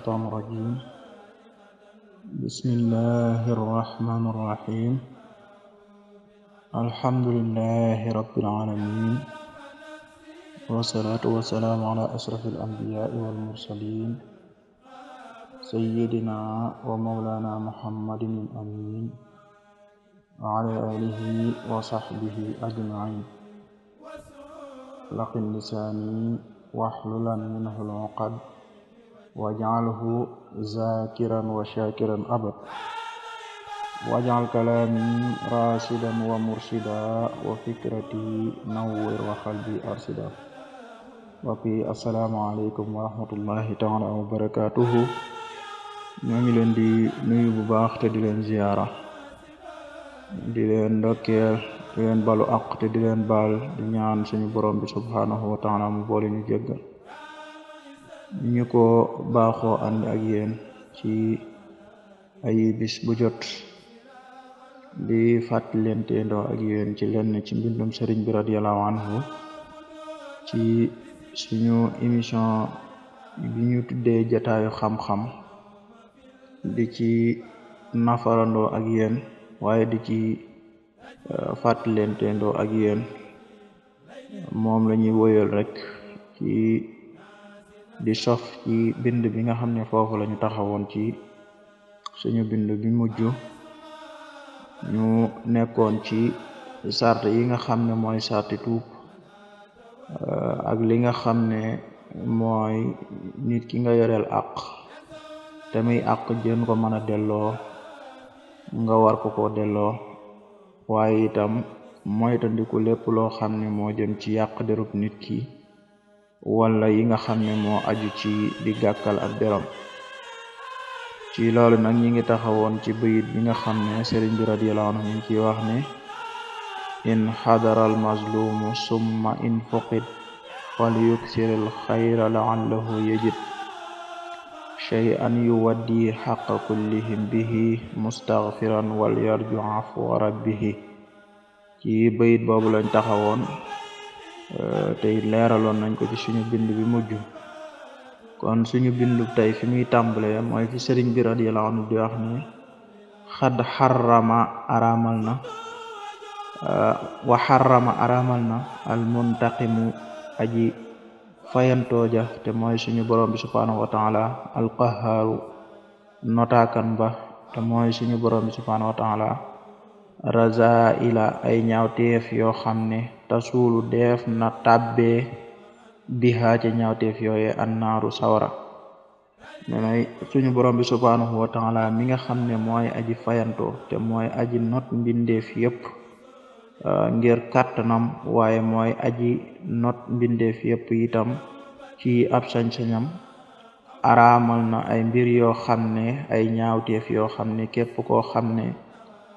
الشيطان الرجيم بسم الله الرحمن الرحيم الحمد لله رب العالمين والصلاة والسلام على أشرف الأنبياء والمرسلين سيدنا ومولانا محمد الأمين وعلى آله وصحبه أجمعين لقن لساني واحلل منه العقد waj'alhu zakiran wa shakiran abad waj'al kalami rasidan wa murshida wa fikrati nawwir wa qalbi arshida mbokk yi asalaamaaleykum wa rahmatullahi taala wa barakatuhu ñoo ngi leen di nuyu bu baax te di leen ziyaara di leen ndokkeel di leen balu aq te di leen baal di ñaan suñu borom bi ta wa mu boole ñu jéggal ñu ko baaxoo ànd ak yéen ci ay bis bu jot di fàttalente ndoo ak yéen ci lenn ci mbindum sëriñ bi radiyallahu anhu ci suñu émission bi ñu tuddee jataayu xam-xam di ci nafarandoo ak yéen waaye di ci euh, fàttalente ndoo ak yéen moom la ñuy woyal rek di sof ci bind bi nga xam ne foofu lañu taxawoon ci suñu bind bi mujj ñu nekkoon ci sart yi nga xam ne mooy sarti tuub euh, ak li nga xam ne mooy nit ki nga yoreel àq te muy jën ko mën a delloo nga war ko ko delloo waaye itam moytandiku lépp loo xam ne moo jëm ci yàq derub nit ki wala yi nga xam ne moo aju ci di gàkkal ab deram ci loolu nag ñi ngi taxawoon ci bayit yi nga xam ne sëriñ bi radiyallahu anhu ñu ci wax ne in xadaral mazlumu summa in fuqid fal yuksir al xayra laallahu yajid shay'an yuwaddi xaqa kullihim bihi mustaghfiran wal yarju afwa rabbihi ci bayit boobu lañ taxawoon Euh, te it leeraloon nañ ko ci suñu bind bi mujj kon suñu bindu tey fi muy tàmbale mooy fi sëriñ bi radiyallahu anhu di wax ni xarrama aramal na euh, wa xarrama aramal al muntaqimu aji fayantooja te mooy suñu borom bi subhaanahu wa al qahaaru notaakan ba te mooy suñu borom bi subhaanahu wa taala ay ñaawteef yoo xam ne tasuulu deef na tàbbee bihaa ci ñaawteef yooye annaaru sawara menay suñu borom bi subhanahu wa taala mi nga xam ne mooy aji fayantoo te mooy aji not mbindeef yépp euh, ngir kàttanam waaye mooy aji not mbindeef yépp itam ki ab sañ-sañam araamal na ay mbir yoo xam ne ay ñaawteef yoo xam ne képp koo xam ne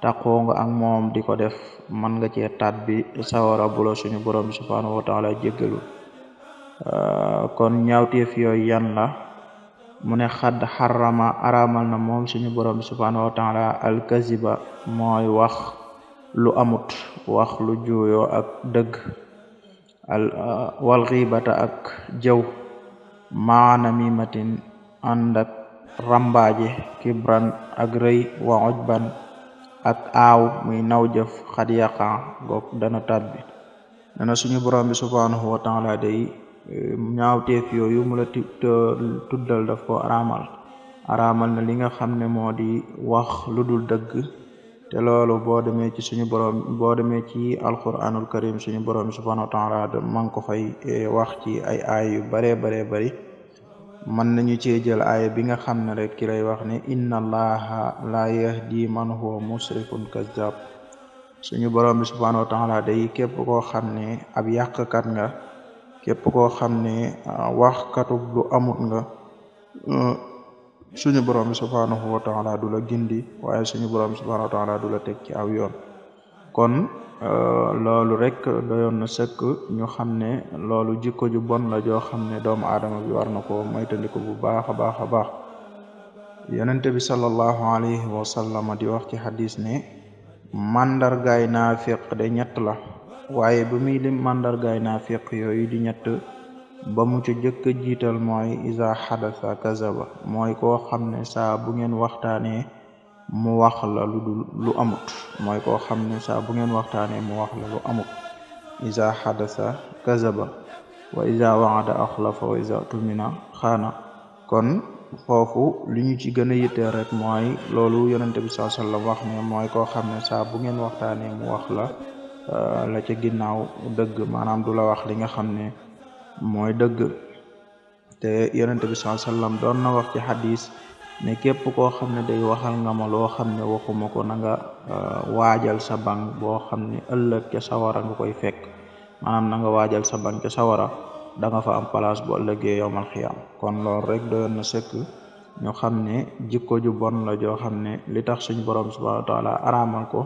taqoo nga ak moom di ko def man nga cee bi sawara bu la suñu borom bi subhaanahu wa taala jéggalu euh, kon ñaawteef yooyu yan la mu ne xadd xarama aramal na moom suñu borom bi subhaanahu wa taala alkaziba mooy wax lu amut wax lu juuyoo ak dëgg al euh, ak jëw maana mimatin ànd ak rambaaje kibran ak rëy wa ojban ak aaw muy naw jëf xad yaqa goog dana tàbbi dana suñu borom bi subhanahu wa taala day eh, ñaawteef yooyu mu la tuddal daf ko araamal araamal na li nga xam ne moo di wax lu dul dëgg te loolu boo demee ci suñu borom boo demee ci alquranul karim suñu borom bi subhanahu wa taala man ko fay eh, wax ci ay aay yu baree baree bari mën nañu cee jël aaya bi nga xam ne rek ki lay wax ne inna allaha la yahdi man huwa musrifun kazzab suñu borom bi subhanahu wa taala day képp koo xam ne ab yàqkat nga képp koo xam ne a ah, waxkatub lu amut nga suñu borom bi subhanahu wa taala du la gindi waaye suñu borom bi subhanahu wa taala du la teg ci aw yoon kon euh, loolu rek doyoon na sëkk ñu xam ne loolu jikko ju bon la joo xam ne doomu aadama bi war na ko moytandiku bu baax a baax a baax yonente bi sallallahu alayhi wa sallam di wax ci xadis ne màndargaay naafiq de ñett la waaye bu muy lim màndargaay naafiq yooyu di ñett ba mu ci jëkk jiital mooy isa xadasa kazaba mooy ko xam ne saa bu ngeen waxtaanee mu wax la lu du lu amut mooy koo xam ne saa bu ngeen waxtaanee mu wax la lu amut isa xadasa kazaba wa isa waxada axlafa wa isa tumina xaana kon foofu li ñu ci gën a yittee rek mooy loolu yonente bi saa sallam wax ne mooy koo xam ne saa bu ngeen waxtaanee mu wax la euh, la ca ginnaaw dëgg maanaam du la wax li nga xam ne mooy dëgg te yonente bi saa sallam don na wax ci xadis ne képp koo xam ne day waxal nga ma loo xam ne waxuma ko nanga euh, waajal sa bank boo xam ne ëllëg ca sawara nga koy fekk maanaam na nga waajal sa bank sawara da nga fa am place boo ëllëgee yowmal xiyaam kon loolu rek doyoon na sëkk ñu xam ne jikko ju bon la joo xam ne li tax suñ boroom subhanahu wa taala araamal ko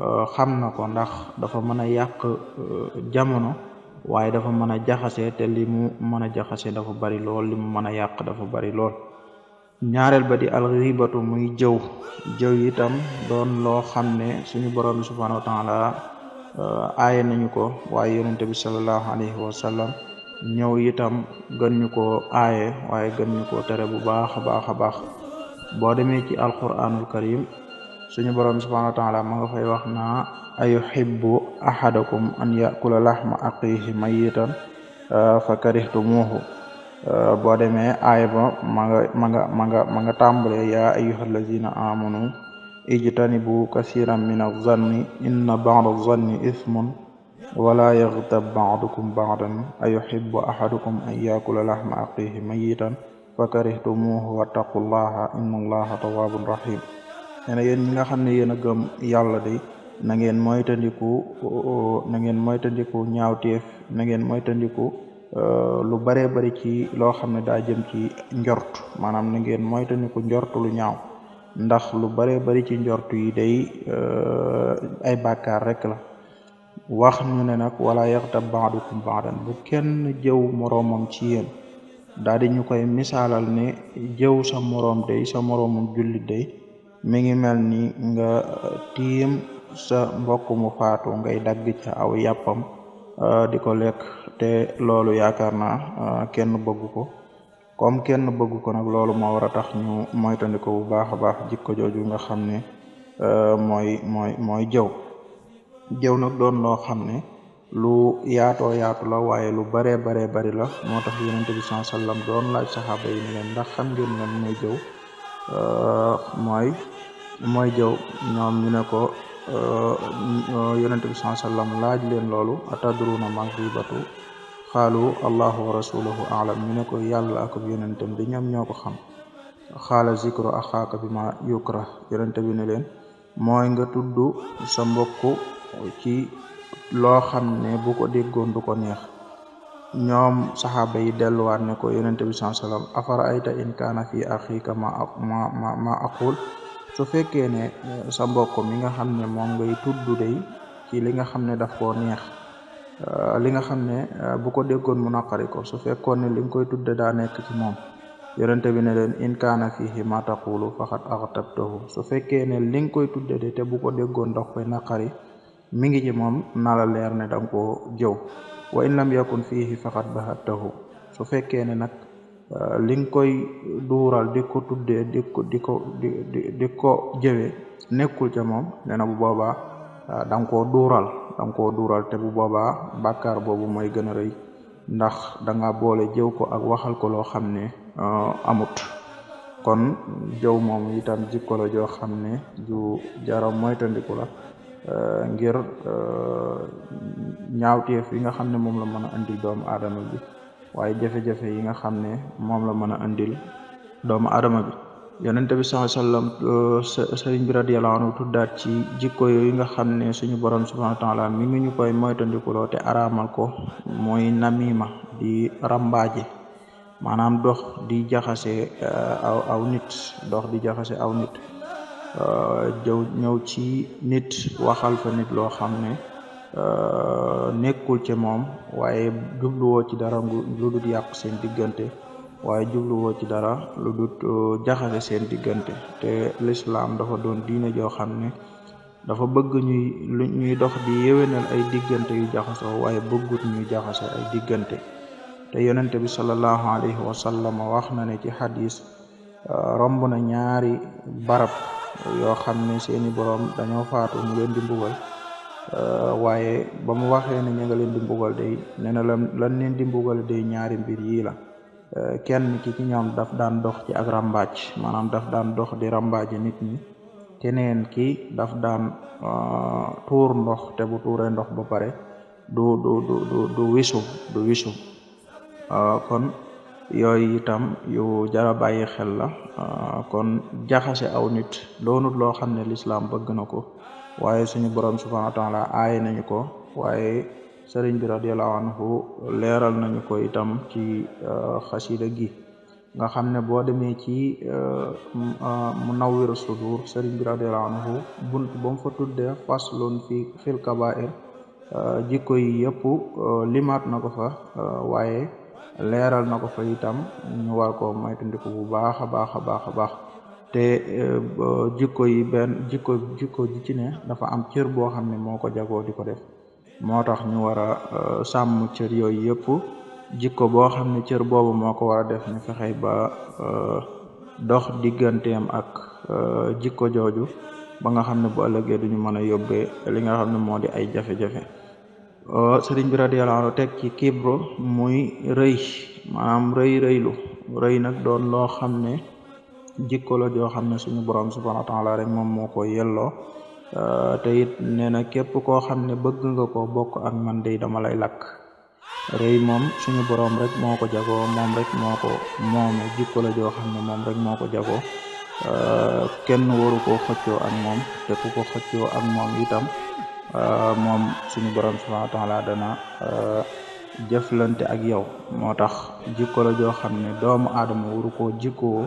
euh, xam na ko ndax dafa mën a yàq euh, jamono waaye dafa mën a jaxasee te li mu mën a jaxasee dafa bari lool li mu mën a yàq dafa bari lool ñaareel ba di alxibatu muy jëw jëw itam doon loo xam ne suñu borom bi subhanahu wa taala uh, aaye nañu ko waaye yonente bi salallahu alayhi wa sallam itam gën ñu ko aaye waaye gën ñu ko tere bu baax a baax a baax boo demee ci alquranul karim suñu borom bi subhanahu wa taala ma nga fay wax naa ayuhibbu ahadakum an yakula lahma aqihi mayitan uh, fa karihtumuhu Euh, boo demee aaya ba ma nga ma nga ma nga ma nga yaa ayyuhallazina amanu ijtanibu kasiran min az-zanni inna ba'da az-zanni ismun wala yaghtab ba'dukum ba'dan ayuhibbu ahadukum an yakula lahma aqihi mayitan fakarihtumuhu wattaqullaha innallaha tawwabun rahim nee na yéen nga xam ne yéen a gëm yàlla de na ngeen moytandiku na ngeen moytandiku ñaawteef na ngeen moytandiku Euh, lu baree bari ci loo xam ne daa jëm ci njort maanaam na ngeen moytandiku njort lu ñaaw ndax lu baree bari ci njort yi day euh, ay bàkkaar rek la wax ñu ne nag wala yaxtab baadukum baadan bu kenn jëw moroomam ci yéen daal ñu koy misaalal ne jëw sa moroom day sa moroomum jullit day mi ngi mel ni nga euh, tiim sa mbokk faatu ngay dagg ca aw yàppam Euh, di ko lekk te loolu yaakaar naa euh, kenn bëgg ko comme kenn bëgg ko nag loolu moo war a tax ñu moytandiku bu baax a baax jikko jooju nga xam ne euh, mooy mooy mooy jëw jëw nag doon loo xam ne lu yaatoo yaatu la waaye lu baree baree bari la moo tax yonente bi sallallahu alayhi wasallam doon laaj saxaaba yi ne leen ndax xam ngeen ne mooy jëw mooy mooy jëw ñoom ñu ne ko Euh, euh, yonente bi saa laaj leen loolu atadruna maxibatu xaalu allahu wa rasuluhu alam ñu ne ko yàlla ak yonentam bi ñoom ñoo ko xam xaala zikru axaaka bi ma yukra yonente bi ne leen mooy nga tuddu sa mbokk ci loo xam ne bu ko déggoon ko neex ñoom saxaaba yi delluwaat ne ko yonente bi saa sallam afara ayta in kaana fi axika ma aqul su fekkee ne eh, sa mbokk mi nga xam ne moom ngay tudd day ci li nga xam ne daf koo neex eh, li nga xam ne eh, bu ko déggoon mu naqari ko su fekkoon ne li nga koy tudde daa nekk ci moom yonente bi ne leen in kaana fihi ma taqulu faqad axtabtahu su fekkee ne li nga koy tudde de te bu ko déggoon daf koy naqari mi ngi ci moom na leer ne danga koo jëw wa in lam yakun fihi faqad bahattahu su fekkee ne nag Euh, li nga koy duural di ko tuddee di ko di ko di ko jëwee nekkul ca moom nee bu boobaa euh, da ko duural da nga duural te bu boobaa bàkkaar boobu mooy gën a rëy ndax danga boole jëw ko ak waxal ko loo xam ne euh, amut kon jëw moom itam jikko la joo xam ne ju jaram moytandiku la ngir ñaawteef yi nga xam ne moom la mën a indil doomu aadama bi waaye jafe-jafe yi nga xam ne moom la mën a andil doomu adama bi yonente bi sallallahu alayhi wasallam euh, sëriñ bi radiyallahu anhu tuddaat ci jikko yooyu nga xam ne suñu borom subhanahu wa taala mi ngi ñu koy moytandikuloo te aramal ko mooy namima di rambaaje maanaam dox di jaxase euh, aw nit dox di jaxase aw nit euh, jëw ñëw ci nit waxal fa nit loo xam ne Euh, nekkul ci moom waaye jubluwoo ci dara lu yàq seen diggante waaye jubluwoo ci dara lu dut euh, jaxase seen diggante te lislaam dafa doon diine joo xam ne dafa bëgg ñuy ñuy dox di yéwénal ay diggante yu jaxasoo waaye bëggut ñuy jaxase ay diggante te yonente bi sallallahu alayhi wa sallam wax na ne ci xadis euh, romb na ñaari barab yoo xam ne seeni borom dañoo faatu mu leen di mbugal Euh, waaye ba mu waxee ne ña nga leen di mbugal day nee na di mbugal day ñaari mbir yii la euh, kenn ki ci ñoom daf daan dox ci ak rambaaj maanaam daf daan dox di rambaaje nit ñi keneen ki daf daan euh, tuur ndox te bu tuuree ndox ba pare du du du du wisu du kon yooyu itam yu jara bàyyi xel la kon jaxase aw nit doonut loo xam ne lislaam bëgg na ko waaye suñu borom subhanahu wa taala aaye nañu ko waaye sëriñ bi radiallahu anhu leeral nañu ko itam ci euh, xasida gi nga xam ne boo demee ci mu euh, munawwiru sudur sëriñ bi radiallahu bunt ba fa tudde faslun fi fil kabair euh, jikko yi yëpp limaat na ko fa waaye leeral na ko fa itam ñu war ko moytandiku bu baax a baax a baax a baax te eh, eh, jikko yi benn jikko jikko ji ci ne dafa am cër boo xam ne moo ko jagoo di ko def moo tax ñu war a eh, sàmm cër yooyu yëpp jikko boo xam ne cër boobu moo ko war a def ñu fexe ba dox digganteem ak jikko jooju ba nga xam ne bu ëllëgee duñu mën a yóbbee li nga xam ne moo di ay jafe-jafe sëriñ bi radiyallahu anhu teg ci kibro muy rëy maanaam rëy rëylu rëy nag doon loo xam ne jikko la xam ne suñu borom subhanahu wa taala rek moom moo ko yelloo euh, te it nee na képp koo xam ne bëgg nga ko bokk ak man day dama lay lakk rëy moom suñu borom rek moo ko jagoo moom rek moo ko moome jikko la xam ne moom rek moo ko jagoo euh, kenn waru koo xëccoo ak moom te ko xëccoo ak moom itam euh, moom suñu borom subhanahu wa taala dana jëflante ak yow moo tax jikko la joo xam ne doomu aadama waru koo jikkoo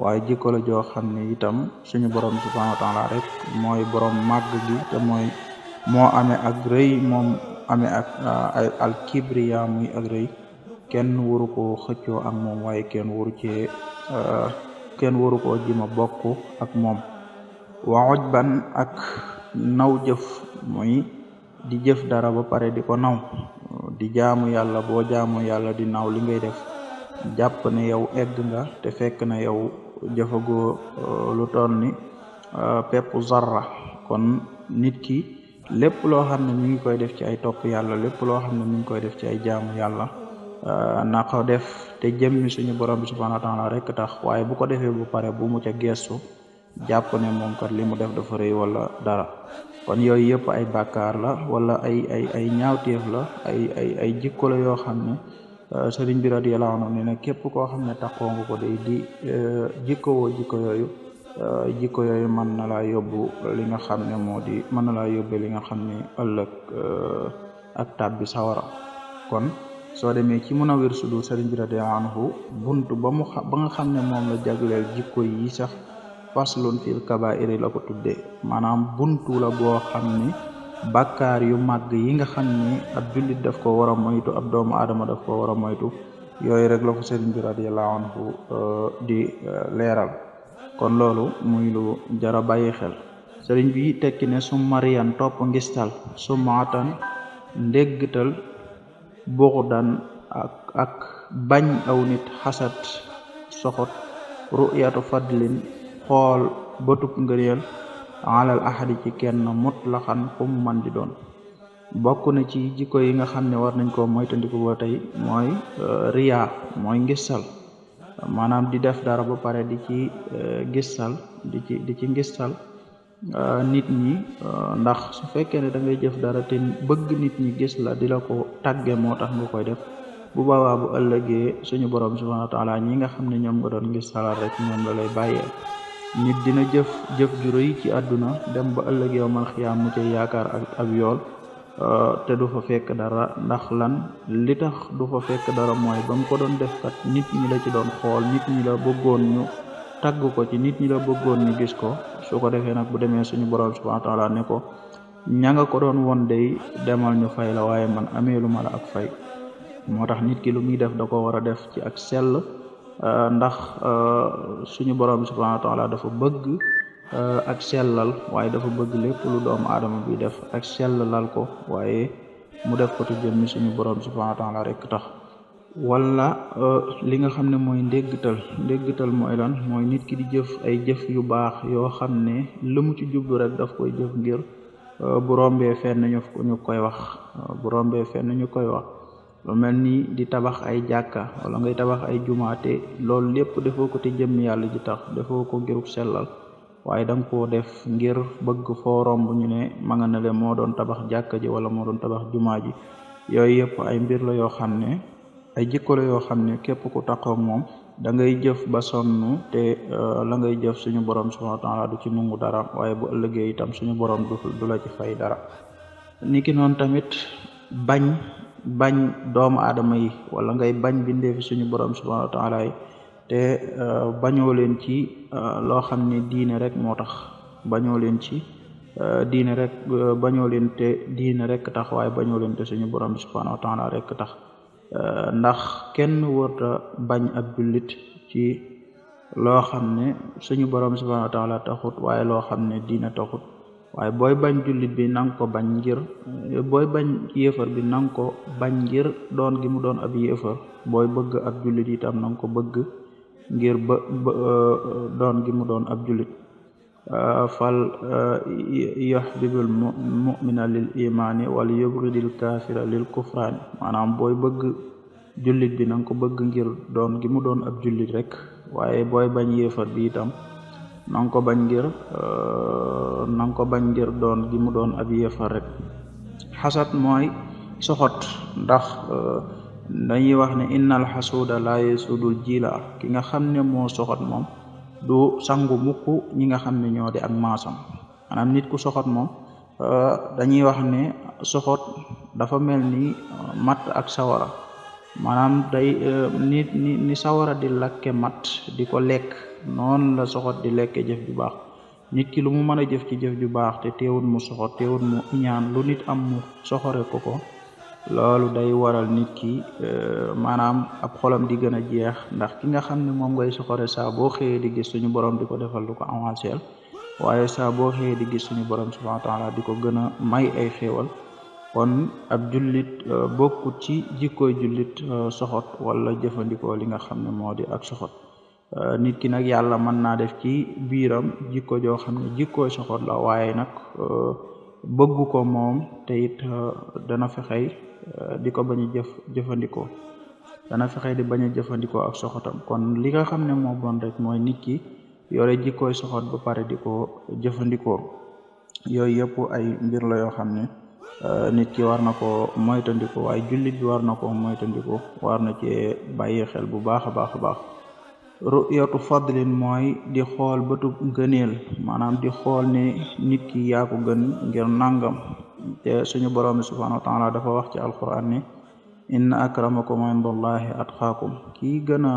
waaye jikko la joo xam ne itam suñu borom subhanahu wa taala rek mooy borom màgg gi te mooy moo amee ak rëy moom amee ak ah, ay al kibriya muy ak rëy kenn waru koo xëccoo ak moom waaye kenn waru cee ah, kenn waru koo jima bokk ak moom wa ban ak naw jëf muy di jëf dara ba pare di ko naw di jaamu yàlla boo jaamu yàlla di naw li ngay def jàpp ne yow egg nga te fekk na yow jëfagoo euh, lu toll ni euh, pepp zarra kon nit ki lépp loo xam ne mi ngi koy def ci ay topp yàlla lépp loo xam ne mi ngi koy def ci ay jaamu yàlla euh, na ko def te jëmmi suñu borom bi subhanahu wa taala rek tax waaye bu ko defee bu pare bu mu ca gestu jàpp ne moom kat li mu def dafa rëy wala dara kon yooyu yëpp ay bàkkaar la wala ay ñaawteef la ay jikko la yoo xam ne Euh, sëriñ birad radiyallahu anhu ne ne képp koo xam ne taxoo nga ko day di euh, jikko woo jikko yooyu euh, jikko yooyu man na laa yóbbu li nga xam ne moo di mën na laa yóbbu li nga xam ne ëllëg ak tàbbi sawara kon soo demee ci a Munawwir Sudur sëriñ bi radiyallahu anhu bunt ba mu xam ba nga xam ne moom la jagleel jikko yi sax faslun fil kabaa'iri la ko tuddee maanaam buntu la boo xam ni bàkkaar yu màgg yi nga xam ni ab jullit daf ko war a moytu ab doomu aadama daf ko war a moytu yooyu rek la ko sëriñ bi radiyallahu anhu euh, di euh, leeral kon loolu muy lu jara bàyyi xel sëriñ bi tekki ne su mariyan topp ngistal su maatan ndéggtal buxdan ak ak bañ aw nit xasat soxot ru'yatu fadlin xool bëtub ngëneel alal ahadi ci kenn mutlaxan fu mu man di doon bokk na ci jikko yi nga xam ne war nañ koo moytandiku ba tey mooy euh, riya mooy ngissal maanaam di def dara ba pare di ci euh, gissal di ci di ci ngissal euh, nit ñi ndax su fekkee ne da jëf dara ten bëgg nit ñi gis la di la ko tàgge moo tax nga koy def bu boobaa bu ëllëgee suñu borom subhanahu wa ñi nga xam ne ñoom nga doon ngis salal rek ñoom la lay bàyyee nit dina jëf jëf ju rëy ci àdduna dem ba ëllëg yow mal xiyaam mu cay yaakaar ak ab yool euh, te du fa fekk dara ndax lan li tax du fa fekk dara mooy ba mu ko doon def kat nit ñi la ci doon xool nit ñi la bëggoon ñu tagg ko ci nit ñi la bëggoon ñu gis ko su ko defee nag bu demee suñu borom subhanahu ne ko ña nga ko doon won dey demal ñu fay la waaye man ameelu ma la ak fay moo tax nit ki lu muy def da ko war a def ci ak sell Euh, ndax euh, suñu borom subhanahu wa taala dafa bëgg euh, ak sellal waaye dafa bëgg lépp lu doomu aadama bi def ak sellalal ko waaye mu def ko te jëmmi suñu borom subhanahu wa taala rek tax wala li nga xam ne mooy ndéggtal ndéggtal mooy lan mooy nit ki di jëf ay jëf yu baax yoo xam ne lu mu ci jublu rek daf koy jëf ngir bu rombee fenn ñu ñu koy wax bu rombee fenn ñu koy wax lu mel ni di tabax ay jàkka wala ngay tabax ay jumaate loolu lépp defoo ko te jëm yàlla ji tax defoo ko ngiruk sellal waaye da nga koo def ngir bëgg foo romb ñu ne manga nga ne moo doon tabax jàkka ji wala moo doon tabax jumaa ji yooyu yëpp ay mbir la yoo xam ne ay jikko yoo xam ne képp ku taqoog moom da ngay jëf ba sonn te euh, la ngay jëf suñu borom subhanahu wa du ci nungu dara waaye bu ëllëgee itam suñu borom du la ci fay dara niki noonu tamit bañ bañ doomu aadama yi wala ngay bañ bindeefi suñu borom subhanahu wa te euh, bañoo leen ci euh, loo xam ne diine rek moo tax bañoo leen ci euh, diine rek bañoo leen te diine rek tax waaye bañoo leen te suñu borom bi subhanahu wa taala rek tax ndax kenn warta bañ ab jullit ci loo xam ne suñu borom subhanahu wa taala taxut waaye loo xam ne diine taxut waaye booy bañ julit bi nang ko bañ ngir booy bañ yéefar bi nang ko bañ ngir doon gi mu doon ab yéefar booy bëgg ab jullit itam nang ko bëgg ngir ba doon gi mu doon ab jullit fal yuhbibul mu'mina lil imaani wal yubridil kaafira lil kufraani maanaam booy bëgg jullit bi nang ko bëgg ngir doon gi mu doon ab julit rek waaye booy bañ yéefar bi itam na nga ko bañ ngir euh, na ko bañ ngir doon gi mu doon ab yéefar rek xasad mooy soxot ndax euh, dañuy wax ne innal xasuuda laa yasudul jilaar ki nga xam ne moo soxot moom du sangu mukk ñi nga xam ne ñoo di ak maasam maanaam nit ku soxot moom euh, dañuy wax ne soxot dafa mel ni mat ak sawara maanaam day eh, ni ni ni sawara di lakke mat di ko lekk noonu la soxot di lekke jëf ju baax nit ki lu mu mën a jëf ci jëf ju baax te teewul mu soxot teewul mu iñaan lu nit am mu soxore ko ko loolu day waral nit ki eh, maanaam ab xolam di gën a jeex ndax ki nga xam ne moom ngay soxore saa boo xëyee di gis suñu borom di ko defal lu ko avancé waaye saa boo xëyee di gis suñu borom subhanahu wa di ko gën a may ay xéewal kon ab jullit euh, bokkut ci jikkoy jullit euh, soxot wala jëfandikoo li nga xam ne moo di ak soxot euh, nit ki nag yàlla mën naa def ci biiram jikko joo xam ne jikkooy soxot la waaye nag bëggu ko moom te it dana fexey di ko bañ a jëf jëfandikoo dana fexey di bañ jëfandikoo ak soxotam kon li nga xam ne moo bon rek mooy nit ki yore jikkooy soxot ba pare di ko jëfandikoo yooyu yëpp ay mbir la yoo xam ne Euh, nit ki war na ko moytandiku waaye jullit bi war na ko moytandiku war na cee bàyyi xel bu baax a baax a baax ru'yatu fadlin mooy di xool bëtub gëneel maanaam di xool ni nit ki yaa ko gën ngir nangam te suñu borom bi subhanahu wa taala dafa wax ci alquran ne inna akramakum indallahi atqaakum kii gën a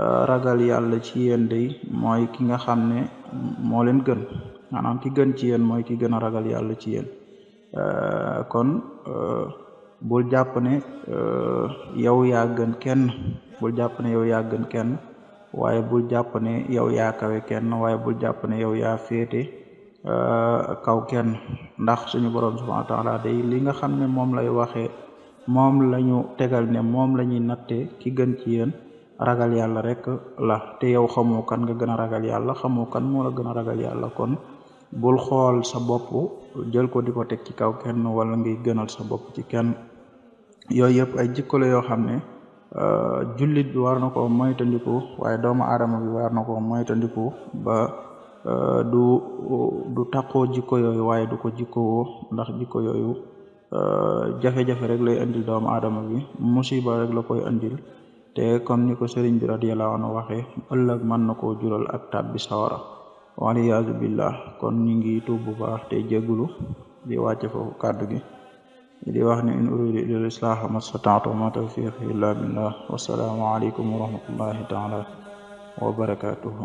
euh, ragal yàlla ci yéen day mooy ki nga xam ne moo leen gën maanaam ki gën ci yéen mooy ki gën a ragal yàlla ci yéen Euh, kon euh, bul jàpp ne euh, yow yaa gën kenn bul jàpp ne yow yaa gën kenn waaye bul jàpp ne yow yaa kawe kenn waaye bul jàpp ne yow yaa féete kaw kenn ndax suñu borom subhanahu wa taala day li nga xam ne moom lay waxee moom lañu tegal ne moom la ñuy natte ki gën ci yéen ragal yàlla rek la te yow xamoo kan nga gën a ragal yàlla xamo kan moo la gën ragal yàlla kon bul xool sa bopp jël ko di ko teg ci kaw kenn wala ngay gënal sa bopp ci kenn yooyu yëpp ay jikko la yoo xam ne euh, jullit bi war na ko moytandiku waaye doomu aadama bi war na ko moytandiku ba euh, du du jikko yooyu waaye du ko jikkowoo ndax jikko yooyu euh, jafe-jafe rek lay andil doomu aadama bi musiba rek la koy andil te comme ni ko sëriñ bi radiyallahu anhu waxee ëllëg mën na koo jural ak bi sawara waliyaasu billah kon ñu ngi tuub bu baax te jéggulu di wàcce foofu kàddu gi di wax ne in uridu ilal islaaha mastataatu ma tawfiq illa billah wasalaamu aleykum wa rahmatullahi wa barakatuhu